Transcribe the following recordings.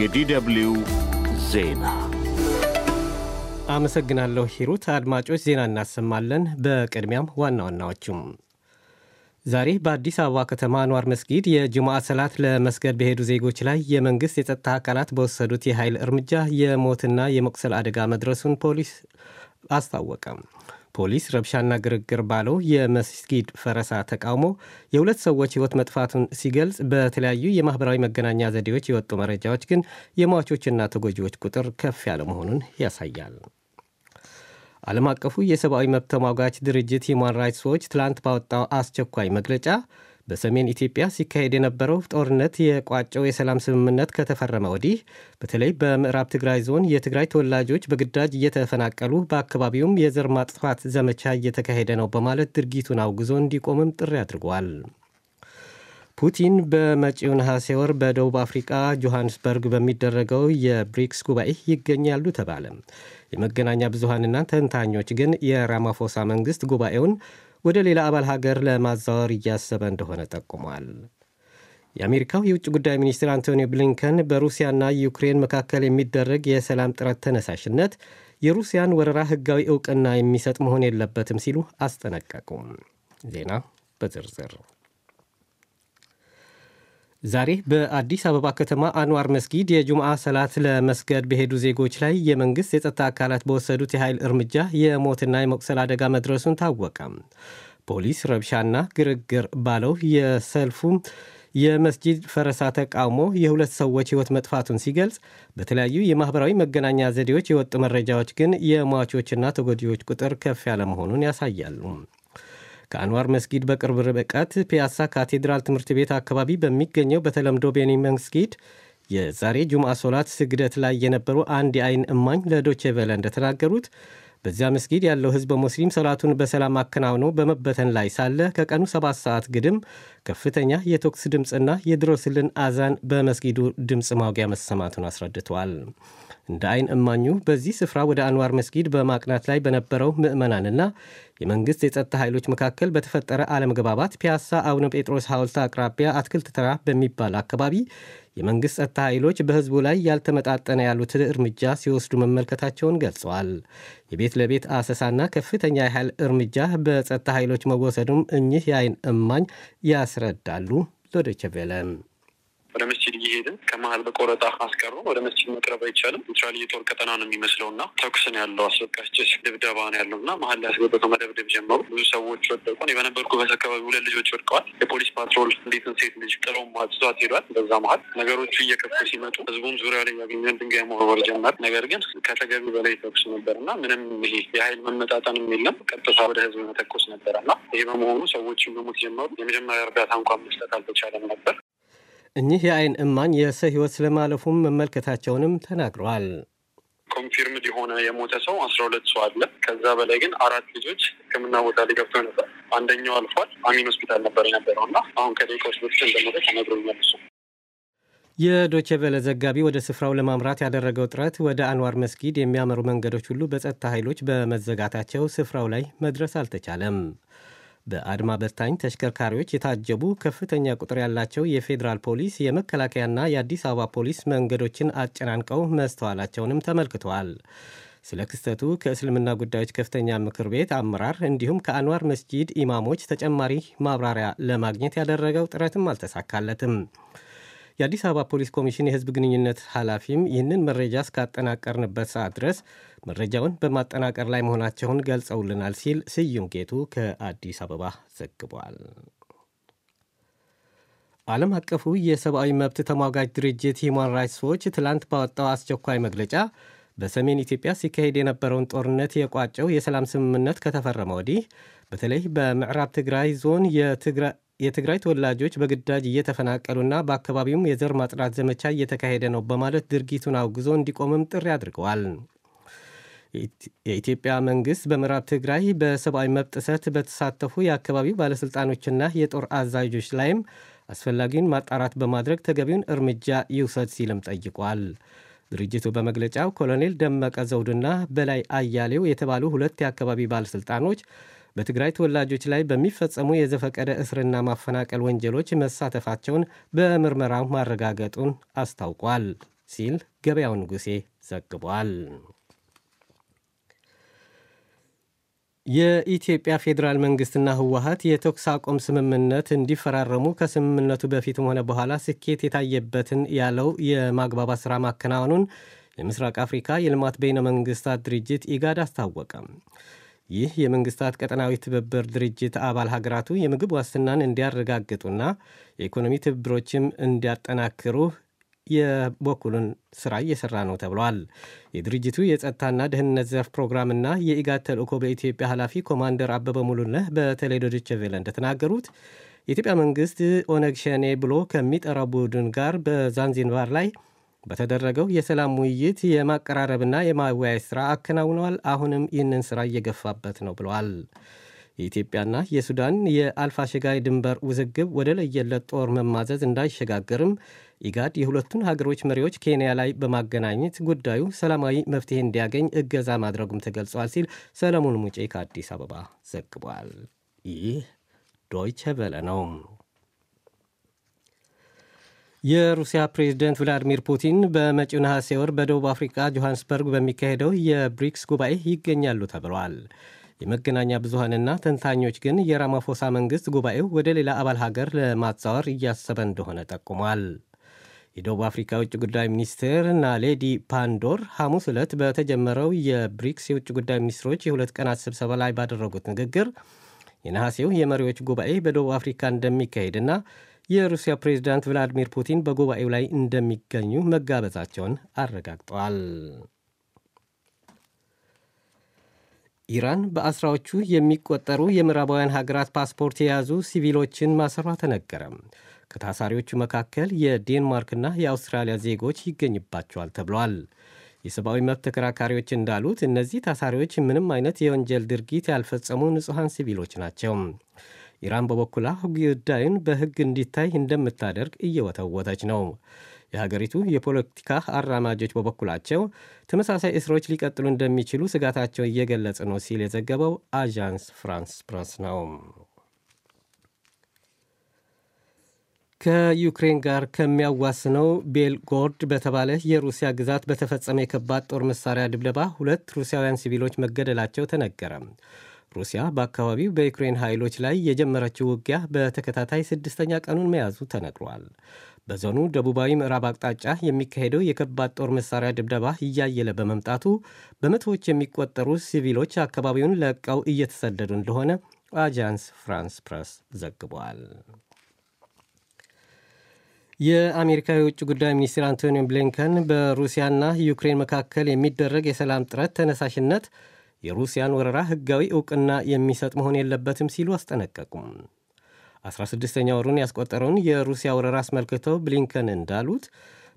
የዲደብልዩ ዜና አመሰግናለሁ ሂሩት። አድማጮች ዜና እናሰማለን። በቅድሚያም ዋና ዋናዎቹም ዛሬ በአዲስ አበባ ከተማ አንዋር መስጊድ የጅሙዓ ሰላት ለመስገድ በሄዱ ዜጎች ላይ የመንግሥት የጸጥታ አካላት በወሰዱት የኃይል እርምጃ የሞትና የመቁሰል አደጋ መድረሱን ፖሊስ አስታወቀ። ፖሊስ ረብሻና ግርግር ባለው የመስጊድ ፈረሳ ተቃውሞ የሁለት ሰዎች ህይወት መጥፋቱን ሲገልጽ በተለያዩ የማኅበራዊ መገናኛ ዘዴዎች የወጡ መረጃዎች ግን የሟቾችና ተጎጂዎች ቁጥር ከፍ ያለ መሆኑን ያሳያል። ዓለም አቀፉ የሰብአዊ መብት ተሟጋች ድርጅት ሂማን ራይትስ ዎች ትላንት ባወጣው አስቸኳይ መግለጫ በሰሜን ኢትዮጵያ ሲካሄድ የነበረው ጦርነት የቋጨው የሰላም ስምምነት ከተፈረመ ወዲህ በተለይ በምዕራብ ትግራይ ዞን የትግራይ ተወላጆች በግዳጅ እየተፈናቀሉ በአካባቢውም የዘር ማጥፋት ዘመቻ እየተካሄደ ነው በማለት ድርጊቱን አውግዞ እንዲቆምም ጥሪ አድርጓል። ፑቲን በመጪው ነሐሴ ወር በደቡብ አፍሪቃ ጆሃንስበርግ በሚደረገው የብሪክስ ጉባኤ ይገኛሉ ተባለ። የመገናኛ ብዙሃንና ተንታኞች ግን የራማፎሳ መንግስት ጉባኤውን ወደ ሌላ አባል ሀገር ለማዛወር እያሰበ እንደሆነ ጠቁሟል። የአሜሪካው የውጭ ጉዳይ ሚኒስትር አንቶኒ ብሊንከን በሩሲያና ዩክሬን መካከል የሚደረግ የሰላም ጥረት ተነሳሽነት የሩሲያን ወረራ ሕጋዊ እውቅና የሚሰጥ መሆን የለበትም ሲሉ አስጠነቀቁም። ዜና በዝርዝር ዛሬ በአዲስ አበባ ከተማ አንዋር መስጊድ የጁምዓ ሰላት ለመስገድ በሄዱ ዜጎች ላይ የመንግሥት የጸጥታ አካላት በወሰዱት የኃይል እርምጃ የሞትና የመቁሰል አደጋ መድረሱን ታወቀ። ፖሊስ ረብሻና ግርግር ባለው የሰልፉ የመስጂድ ፈረሳ ተቃውሞ የሁለት ሰዎች ሕይወት መጥፋቱን ሲገልጽ በተለያዩ የማኅበራዊ መገናኛ ዘዴዎች የወጡ መረጃዎች ግን የሟቾችና ተጎጂዎች ቁጥር ከፍ ያለ መሆኑን ያሳያሉ። ከአንዋር መስጊድ በቅርብ ርቀት ፒያሳ ካቴድራል ትምህርት ቤት አካባቢ በሚገኘው በተለምዶ ቤኒ መስጊድ የዛሬ ጁምዓ ሶላት ስግደት ላይ የነበሩ አንድ የአይን እማኝ ለዶቼ ቬለ እንደተናገሩት በዚያ መስጊድ ያለው ህዝበ ሙስሊም ሰላቱን በሰላም አከናውኖ በመበተን ላይ ሳለ ከቀኑ ሰባት ሰዓት ግድም ከፍተኛ የቶክስ ድምፅና የድሮስልን አዛን በመስጊዱ ድምፅ ማውጊያ መሰማቱን አስረድተዋል። እንደ አይን እማኙ በዚህ ስፍራ ወደ አንዋር መስጊድ በማቅናት ላይ በነበረው ምእመናንና የመንግስት የጸጥታ ኃይሎች መካከል በተፈጠረ አለመግባባት ፒያሳ አቡነ ጴጥሮስ ሐውልት አቅራቢያ አትክልት ተራ በሚባል አካባቢ የመንግስት ጸጥታ ኃይሎች በህዝቡ ላይ ያልተመጣጠነ ያሉት እርምጃ ሲወስዱ መመልከታቸውን ገልጸዋል። የቤት ለቤት አሰሳና ከፍተኛ ያህል እርምጃ በጸጥታ ኃይሎች መወሰዱም እኚህ የአይን እማኝ ያስረዳሉ። ሎደቸቬለም ወደ መስጅድ እየሄደ ከመሀል በቆረጣ አስቀሩ ወደ መስጅድ መቅረብ አይቻልም። ኒትራል የጦር ቀጠና ነው የሚመስለው እና ተኩስ ነው ያለው። አስለቃሽ ጭስ ድብደባ ነው ያለው እና መሀል ላይ አስገብተው መደብደብ ጀመሩ። ብዙ ሰዎች ወደቁ። እኔ በነበርኩበት አካባቢ ሁለት ልጆች ወድቀዋል። የፖሊስ ፓትሮል እንዴትን ሴት ልጅ ጥለው ማጽቷት ሄዷል። በዛ መሀል ነገሮቹ እየከፉ ሲመጡ ህዝቡም ዙሪያ ላይ ያገኘን ድንጋይ መወርወር ጀመር። ነገር ግን ከተገቢ በላይ ተኩስ ነበር እና ምንም ይሄ የሀይል መመጣጠንም የለም። ቀጥታ ወደ ህዝብ መተኮስ ነበር እና ይሄ በመሆኑ ሰዎችን በሞት ጀመሩ። የመጀመሪያ እርዳታ እንኳን መስጠት አልተቻለም ነበር። እኚህ የአይን እማኝ የሰው ህይወት ስለማለፉም መመልከታቸውንም ተናግረዋል። ኮንፊርምድ የሆነ የሞተ ሰው አስራ ሁለት ሰው አለ። ከዛ በላይ ግን አራት ልጆች ህክምና ቦታ ላይ ነበር። አንደኛው አልፏል። አሚን ሆስፒታል ነበር የነበረው እና አሁን ከደቂቃዎች በፊት እንደሞተ ተነግሮኛል። እሱ የዶቼቬለ ዘጋቢ ወደ ስፍራው ለማምራት ያደረገው ጥረት ወደ አንዋር መስጊድ የሚያመሩ መንገዶች ሁሉ በጸጥታ ኃይሎች በመዘጋታቸው ስፍራው ላይ መድረስ አልተቻለም። በአድማ በታኝ ተሽከርካሪዎች የታጀቡ ከፍተኛ ቁጥር ያላቸው የፌዴራል ፖሊስ፣ የመከላከያና የአዲስ አበባ ፖሊስ መንገዶችን አጨናንቀው መስተዋላቸውንም ተመልክተዋል። ስለ ክስተቱ ከእስልምና ጉዳዮች ከፍተኛ ምክር ቤት አመራር እንዲሁም ከአንዋር መስጂድ ኢማሞች ተጨማሪ ማብራሪያ ለማግኘት ያደረገው ጥረትም አልተሳካለትም። የአዲስ አበባ ፖሊስ ኮሚሽን የህዝብ ግንኙነት ኃላፊም ይህንን መረጃ እስካጠናቀርንበት ሰዓት ድረስ መረጃውን በማጠናቀር ላይ መሆናቸውን ገልጸውልናል ሲል ስዩም ጌቱ ከአዲስ አበባ ዘግቧል። ዓለም አቀፉ የሰብአዊ መብት ተሟጋጅ ድርጅት ሂማን ራይትስ ዎች ትላንት ባወጣው አስቸኳይ መግለጫ በሰሜን ኢትዮጵያ ሲካሄድ የነበረውን ጦርነት የቋጨው የሰላም ስምምነት ከተፈረመ ወዲህ በተለይ በምዕራብ ትግራይ ዞን የትግራይ ተወላጆች በግዳጅ እየተፈናቀሉና በአካባቢውም የዘር ማጽዳት ዘመቻ እየተካሄደ ነው በማለት ድርጊቱን አውግዞ እንዲቆምም ጥሪ አድርገዋል። የኢትዮጵያ መንግስት በምዕራብ ትግራይ በሰብአዊ መብት ጥሰት በተሳተፉ የአካባቢው ባለሥልጣኖችና የጦር አዛዦች ላይም አስፈላጊውን ማጣራት በማድረግ ተገቢውን እርምጃ ይውሰድ ሲልም ጠይቋል። ድርጅቱ በመግለጫው ኮሎኔል ደመቀ ዘውድና በላይ አያሌው የተባሉ ሁለት የአካባቢ ባለሥልጣኖች በትግራይ ተወላጆች ላይ በሚፈጸሙ የዘፈቀደ እስርና ማፈናቀል ወንጀሎች መሳተፋቸውን በምርመራው ማረጋገጡን አስታውቋል ሲል ገበያው ንጉሴ ዘግቧል። የኢትዮጵያ ፌዴራል መንግስትና ህወሀት የተኩስ አቁም ስምምነት እንዲፈራረሙ ከስምምነቱ በፊትም ሆነ በኋላ ስኬት የታየበትን ያለው የማግባባት ሥራ ማከናወኑን የምስራቅ አፍሪካ የልማት በይነ መንግስታት ድርጅት ኢጋድ አስታወቀ። ይህ የመንግስታት ቀጠናዊ ትብብር ድርጅት አባል ሀገራቱ የምግብ ዋስትናን እንዲያረጋግጡና የኢኮኖሚ ትብብሮችም እንዲያጠናክሩ የበኩሉን ስራ እየሰራ ነው ተብሏል። የድርጅቱ የጸጥታና ደህንነት ዘርፍ ፕሮግራምና የኢጋድ ተልእኮ በኢትዮጵያ ኃላፊ ኮማንደር አበበ ሙሉነህ በተለይ ለዶይቼ ቬለ እንደተናገሩት የኢትዮጵያ መንግስት ኦነግ ሸኔ ብሎ ከሚጠራው ቡድን ጋር በዛንዚንባር ላይ በተደረገው የሰላም ውይይት የማቀራረብና የማወያየት ሥራ አከናውነዋል። አሁንም ይህንን ሥራ እየገፋበት ነው ብለዋል። የኢትዮጵያና የሱዳን የአልፋሸጋይ ድንበር ውዝግብ ወደ ለየለት ጦር መማዘዝ እንዳይሸጋገርም ኢጋድ የሁለቱን ሀገሮች መሪዎች ኬንያ ላይ በማገናኘት ጉዳዩ ሰላማዊ መፍትሄ እንዲያገኝ እገዛ ማድረጉም ተገልጿል ሲል ሰለሞን ሙጬ ከአዲስ አበባ ዘግቧል። ይህ ዶይቸ ቬለ ነው። የሩሲያ ፕሬዝደንት ቭላዲሚር ፑቲን በመጪው ነሐሴ ወር በደቡብ አፍሪካ ጆሃንስበርግ በሚካሄደው የብሪክስ ጉባኤ ይገኛሉ ተብሏል። የመገናኛ ብዙሃንና ተንታኞች ግን የራማፎሳ መንግሥት ጉባኤው ወደ ሌላ አባል ሀገር ለማዛወር እያሰበ እንደሆነ ጠቁሟል። የደቡብ አፍሪካ የውጭ ጉዳይ ሚኒስትር ናሌዲ ፓንዶር ሐሙስ ዕለት በተጀመረው የብሪክስ የውጭ ጉዳይ ሚኒስትሮች የሁለት ቀናት ስብሰባ ላይ ባደረጉት ንግግር የነሐሴው የመሪዎች ጉባኤ በደቡብ አፍሪካ እንደሚካሄድና የሩሲያ ፕሬዚዳንት ቭላዲሚር ፑቲን በጉባኤው ላይ እንደሚገኙ መጋበዛቸውን አረጋግጠዋል። ኢራን በአስራዎቹ የሚቆጠሩ የምዕራባውያን ሀገራት ፓስፖርት የያዙ ሲቪሎችን ማሰሯ ተነገረም። ከታሳሪዎቹ መካከል የዴንማርክና የአውስትራሊያ ዜጎች ይገኝባቸዋል ተብሏል። የሰብአዊ መብት ተከራካሪዎች እንዳሉት እነዚህ ታሳሪዎች ምንም አይነት የወንጀል ድርጊት ያልፈጸሙ ንጹሐን ሲቪሎች ናቸው። ኢራን በበኩላ ጉዳዩን በህግ እንዲታይ እንደምታደርግ እየወተወተች ነው። የሀገሪቱ የፖለቲካ አራማጆች በበኩላቸው ተመሳሳይ እስሮች ሊቀጥሉ እንደሚችሉ ስጋታቸው እየገለጸ ነው ሲል የዘገበው አዣንስ ፍራንስ ፕረስ ነው። ከዩክሬን ጋር ከሚያዋስነው ቤልጎርድ በተባለ የሩሲያ ግዛት በተፈጸመ የከባድ ጦር መሳሪያ ድብደባ ሁለት ሩሲያውያን ሲቪሎች መገደላቸው ተነገረ። ሩሲያ በአካባቢው በዩክሬን ኃይሎች ላይ የጀመረችው ውጊያ በተከታታይ ስድስተኛ ቀኑን መያዙ ተነግሯል። በዞኑ ደቡባዊ ምዕራብ አቅጣጫ የሚካሄደው የከባድ ጦር መሳሪያ ድብደባ እያየለ በመምጣቱ በመቶዎች የሚቆጠሩ ሲቪሎች አካባቢውን ለቀው እየተሰደዱ እንደሆነ አጃንስ ፍራንስ ፕረስ ዘግቧል። የአሜሪካ የውጭ ጉዳይ ሚኒስትር አንቶኒ ብሊንከን በሩሲያና ዩክሬን መካከል የሚደረግ የሰላም ጥረት ተነሳሽነት የሩሲያን ወረራ ህጋዊ እውቅና የሚሰጥ መሆን የለበትም ሲሉ አስጠነቀቁም። 16ኛ ወሩን ያስቆጠረውን የሩሲያ ወረራ አስመልክተው ብሊንከን እንዳሉት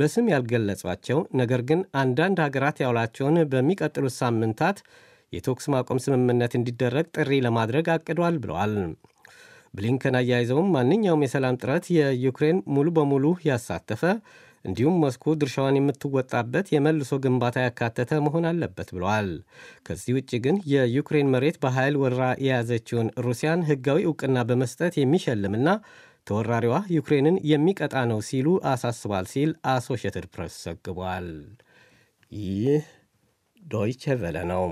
በስም ያልገለጿቸው ነገር ግን አንዳንድ ሀገራት ያውላቸውን በሚቀጥሉት ሳምንታት የተኩስ ማቆም ስምምነት እንዲደረግ ጥሪ ለማድረግ አቅዷል ብለዋል። ብሊንከን አያይዘውም ማንኛውም የሰላም ጥረት የዩክሬን ሙሉ በሙሉ ያሳተፈ እንዲሁም መስኩ ድርሻዋን የምትወጣበት የመልሶ ግንባታ ያካተተ መሆን አለበት ብለዋል። ከዚህ ውጭ ግን የዩክሬን መሬት በኃይል ወራ የያዘችውን ሩሲያን ሕጋዊ እውቅና በመስጠት የሚሸልምና ተወራሪዋ ዩክሬንን የሚቀጣ ነው ሲሉ አሳስቧል ሲል አሶሽትድ ፕሬስ ዘግቧል። ይህ ዶይቸ ቬለ ነው።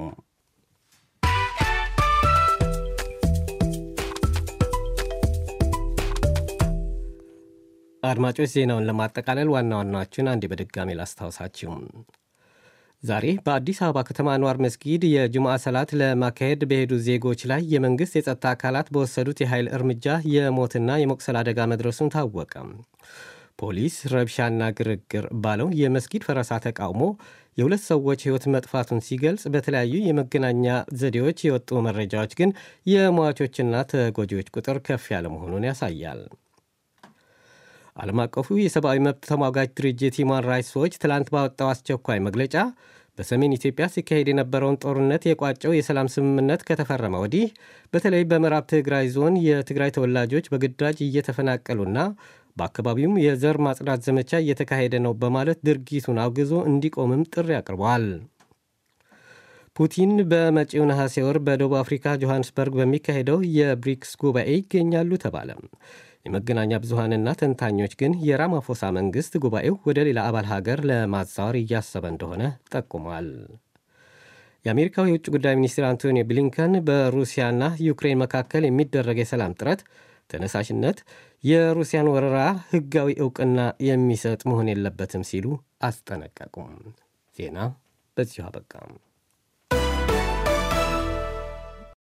አድማጮች ዜናውን ለማጠቃለል ዋና ዋናዎቹን አንዴ በድጋሚ ላስታውሳችሁ። ዛሬ በአዲስ አበባ ከተማ አንዋር መስጊድ የጁምዓ ሰላት ለማካሄድ በሄዱ ዜጎች ላይ የመንግሥት የጸጥታ አካላት በወሰዱት የኃይል እርምጃ የሞትና የመቁሰል አደጋ መድረሱን ታወቀ። ፖሊስ ረብሻና ግርግር ባለው የመስጊድ ፈረሳ ተቃውሞ የሁለት ሰዎች ሕይወት መጥፋቱን ሲገልጽ፣ በተለያዩ የመገናኛ ዘዴዎች የወጡ መረጃዎች ግን የሟቾችና ተጎጂዎች ቁጥር ከፍ ያለ መሆኑን ያሳያል። ዓለም አቀፉ የሰብአዊ መብት ተሟጋጅ ድርጅት ሂማን ራይትስ ዎች ትላንት ባወጣው አስቸኳይ መግለጫ በሰሜን ኢትዮጵያ ሲካሄድ የነበረውን ጦርነት የቋጨው የሰላም ስምምነት ከተፈረመ ወዲህ በተለይ በምዕራብ ትግራይ ዞን የትግራይ ተወላጆች በግዳጅ እየተፈናቀሉና በአካባቢውም የዘር ማጽዳት ዘመቻ እየተካሄደ ነው በማለት ድርጊቱን አውግዞ እንዲቆምም ጥሪ አቅርበዋል። ፑቲን በመጪው ነሐሴ ወር በደቡብ አፍሪካ ጆሃንስበርግ በሚካሄደው የብሪክስ ጉባኤ ይገኛሉ ተባለ። የመገናኛ ብዙሃንና ተንታኞች ግን የራማፎሳ መንግሥት ጉባኤው ወደ ሌላ አባል ሀገር ለማዛወር እያሰበ እንደሆነ ጠቁሟል። የአሜሪካው የውጭ ጉዳይ ሚኒስትር አንቶኒ ብሊንከን በሩሲያና ዩክሬን መካከል የሚደረግ የሰላም ጥረት ተነሳሽነት የሩሲያን ወረራ ሕጋዊ ዕውቅና የሚሰጥ መሆን የለበትም ሲሉ አስጠነቀቁም። ዜና በዚሁ አበቃም።